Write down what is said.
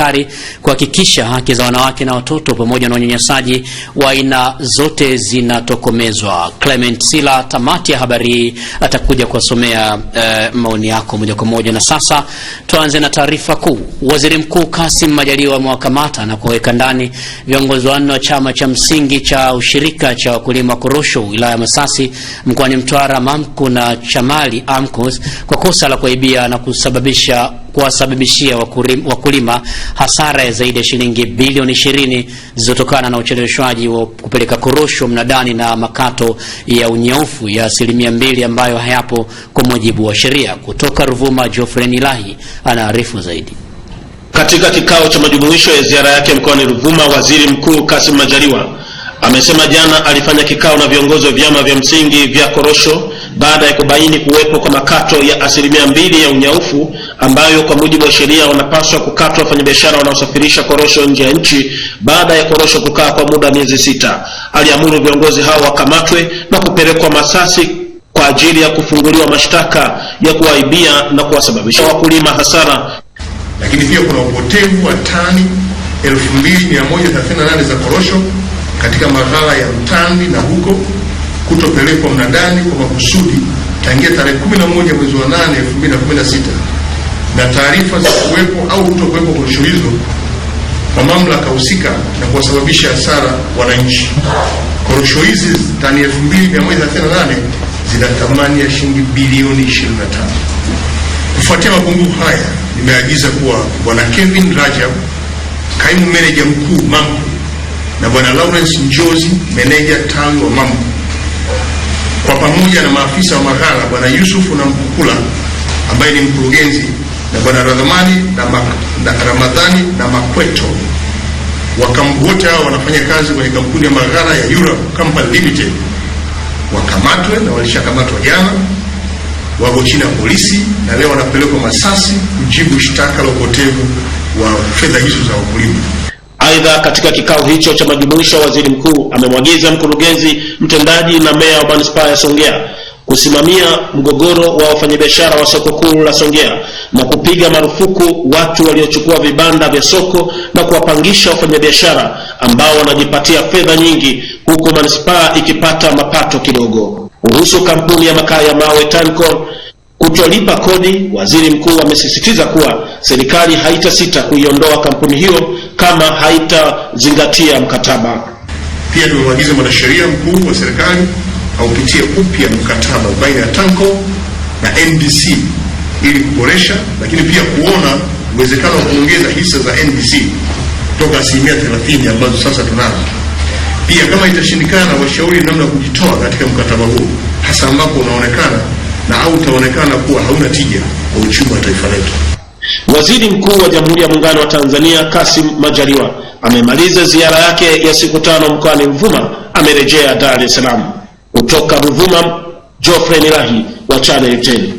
serikali kuhakikisha haki za wanawake na watoto pamoja na unyanyasaji wa aina zote zinatokomezwa. Clement Sila, tamati ya habari hii, atakuja kuwasomea eh, maoni yako moja kwa moja. Na sasa tuanze na taarifa kuu. Waziri Mkuu Kassim Majaliwa amewakamata na kuweka ndani viongozi wanne wa chama cha msingi cha ushirika cha wakulima korosho wilaya ya Masasi mkoani Mtwara, Mamku na Chamali AMCOS kwa kosa la kuibia na kusababisha kuwasababishia wakulima hasara ya zaidi ya shilingi bilioni ishirini zilizotokana na ucheleweshwaji wa kupeleka korosho mnadani na makato ya unyaufu ya asilimia mbili ambayo hayapo kwa mujibu wa sheria. Kutoka Ruvuma, jofre Nilahi anaarifu zaidi. Katika kikao cha majumuisho ya ziara yake mkoani Ruvuma, Waziri Mkuu kasim Majaliwa amesema jana alifanya kikao na viongozi wa vyama vya msingi vya korosho baada ya kubaini kuwepo kwa makato ya asilimia mbili ya unyaufu ambayo kwa mujibu wa sheria wanapaswa kukatwa wafanyabiashara wanaosafirisha korosho nje ya nchi baada ya korosho kukaa kwa muda miezi sita. Aliamuru viongozi hao wakamatwe na kupelekwa Masasi kwa ajili ya kufunguliwa mashtaka ya kuwaibia na kuwasababisha wakulima hasara. Lakini pia kuna upotevu wa tani 2138 za korosho katika maghala ya Mtandi na huko kutopelekwa mnadani kwa makusudi tangia tarehe 11 mwezi wa 8 2016 na taarifa za kuwepo au kutokuwepo kwa rushwa hizo kwa mamlaka husika na kuwasababisha hasara wananchi. Korosho hizi tani 2138 zina thamani ya shilingi bilioni 25. Kufuatia mapungufu haya, nimeagiza kuwa Bwana Kevin Rajab, kaimu meneja mkuu MAMCU, na Bwana Lawrence Njozi, meneja tawi wa MAMCU, kwa pamoja na maafisa wa maghala Bwana Yusufu na Mkukula ambaye ni mkurugenzi na bwana Ramadhani na, na Ramadhani na Makweto wote hao wanafanya kazi kwenye kampuni ya maghara ya Europe Company Limited wakamatwe, na walishakamatwa jana, wako chini ya polisi na leo wanapelekwa Masasi kujibu shtaka la upotevu wa fedha hizo za wakulima. Aidha, katika kikao hicho cha majumuisho, waziri mkuu amemwagiza mkurugenzi mtendaji na meya wa manispaa ya Songea kusimamia mgogoro wa wafanyabiashara wa soko kuu la Songea na kupiga marufuku watu waliochukua vibanda vya soko na kuwapangisha wafanyabiashara ambao wanajipatia fedha nyingi huku manispaa ikipata mapato kidogo. Kuhusu kampuni ya makaa ya mawe Tancor kutolipa kodi, waziri mkuu amesisitiza kuwa serikali haitasita kuiondoa kampuni hiyo kama haitazingatia mkataba. Pia tumemwagiza mwanasheria mkuu wa serikali aupitie upya mkataba baina ya TANCO na NBC ili kuboresha, lakini pia kuona uwezekano wa kuongeza hisa za NBC kutoka asilimia 30 ambazo sasa tunazo. Pia kama itashindikana, washauri namna kujitoa katika mkataba huu, hasa ambapo unaonekana na au utaonekana kuwa hauna tija kwa uchumi wa taifa letu. Waziri Mkuu wa Jamhuri ya Muungano wa Tanzania kasim Majaliwa amemaliza ziara yake ya siku tano mkoani Mvuma, amerejea Dar es Salaam kutoka Ruvuma Geoffrey Nirahi wa Channel 10.